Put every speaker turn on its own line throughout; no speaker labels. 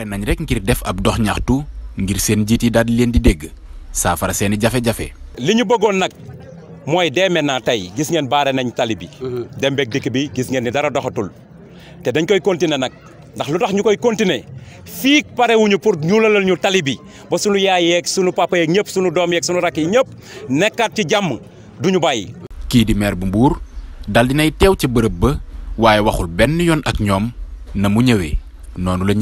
pare nañ rek ngir def ab dox ñaxtu ngir seen jiti di leen di dégg saafara seeni jafe-jafe.
li ñu bëggoon nak moy dee maintenant tay gis ngeen baare nañ tali bi. Mhm. dem bék dikk bi gis ngeen ni dara doxatul té dañ koy continuer nak ndax lutax ñukoy continuer pare wuñu pour ñuulalal ñu tali bi ba sunu yaay yeeg suñu papa yeeg ñëpp sunu doom yeeg sunu rak yi ñëpp nekkat ci jamm duñu bayyi ki di
maire bu Mbour dal dinay tew ci bërepp ba waye waxul ben yon ak ñom na mu
ñëwé nonu la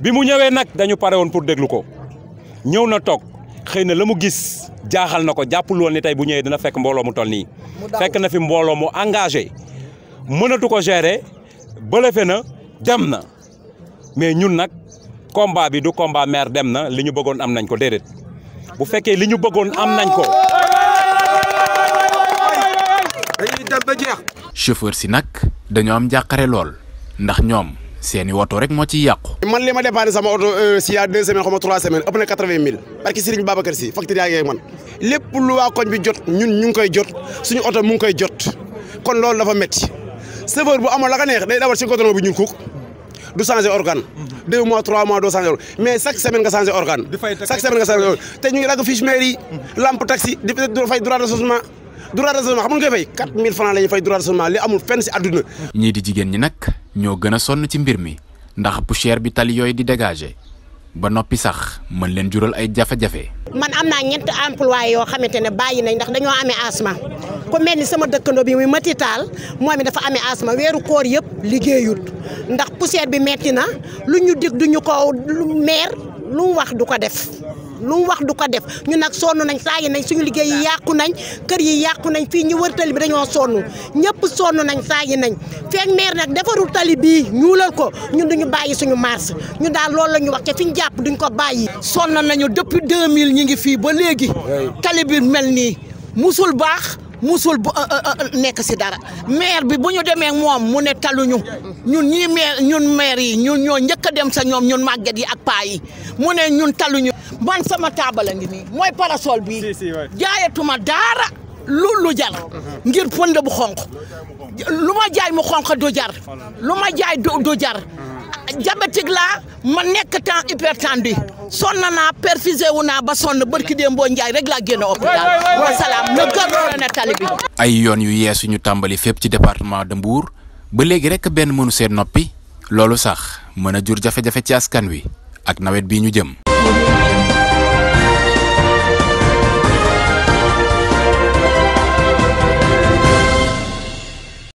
bi mu ñëwee nag dañu pare woon pour déglu ko ñëw na toog xëy na la mu gis jaaxal na ko jàppul woon ni tey bu ñëwee dana fekk mbooloo mu toll nii. fekk na fi mbooloo mu engagé mënatu ko gérer bëlëfe na dem na mais ñun nag combat bi du combat maire dem na li ñu bëggoon am nañ ko déedéet bu fekkee li ñu bëggoon am nañ ko.
chauffeur si nag dañoo am jàqare lool ndax ñoom. seeni woto rek moo ci yàqu.
man li ma dépanne sama oto euh, si y'a deux semaines xaw trois semaines ëpp na quatre-vingt mille parce que Serigne Babacar si facture yaa ngi man lépp lu waa koñ bi jot ñun ñu koy jot suñu oto mu ngi koy jot kon loolu dafa metti chauffeur bu amoon la ka neex day dawal ci goudron bi kuk du changer organe. deux mois trois mois doo changer organe mais chaque semaine nga changer organe. chaque semaine nga changer te ñu ngi dagg fiche mairie. lampe taxi droit raisonnement xam nga fay 4000 francs la fay droit raisonnement li amul fenn di
ñi ci mbir mi ndax bi tali di dégager ba sax jural ay
jafe man amna naa ñetti employé yoo xamante nañ ndax dañoo asma ku mel sama bi muy Mati Taal dafa asma weeru koor yëpp liggéeyut ndax poussière bi metti na lu ñu duñu ko mer lu wax def. lu wax du ko def ñu nag sonn nañ saa yi nañ suñu liggéey yi yàqu nañ kër yi yàqu nañ fii ñu wër tali bi dañoo sonn ñëpp sonn nañ saa yi nañ feeg meer nag defarul tali bii ñuulal ko ñun duñu bàyyi suñu marche ñu daal loolu la ñu wax ca fi ñu jàpp duñ ko bàyyi. sonn nañu
depuis 2000 ñu ngi fii ba léegi tali bi mel nii musul baax musul bu euh, euh, euh, nekk si dara maire bi bu ñu demee moom mu ne ñu ñun ñii maire ñun maire yi ñun ñoo njëkk dem sa ñoom ñun màgget yi ak paa yi mu ne ñun taluñu. man sama taabala ngi ni moy parasol bi jaayatuma daara lu jar ngir fonde bu xonq luma jaay mu xonq do jar luma jaay do do jar diabétique la ma nekk temps hypertendu sonn naa perfusé wuna ba sonne barki de mbo ndjay rek la guéné hôpital salam le gërëm na talibi
ay yoon yu yesu ñu tambali fep ci département de Mbour ba légui rek ben mënu seen nopi lolu sax mëna jur jafé jafé ci askan wi ak nawet bi ñu jëm.